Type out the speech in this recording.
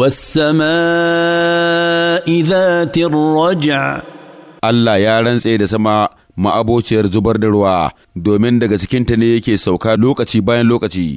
والسماء ذات الرجع Allah ya rantse da sama ma'abociyar zubar da ruwa domin daga cikinta ne yake sauka lokaci bayan lokaci.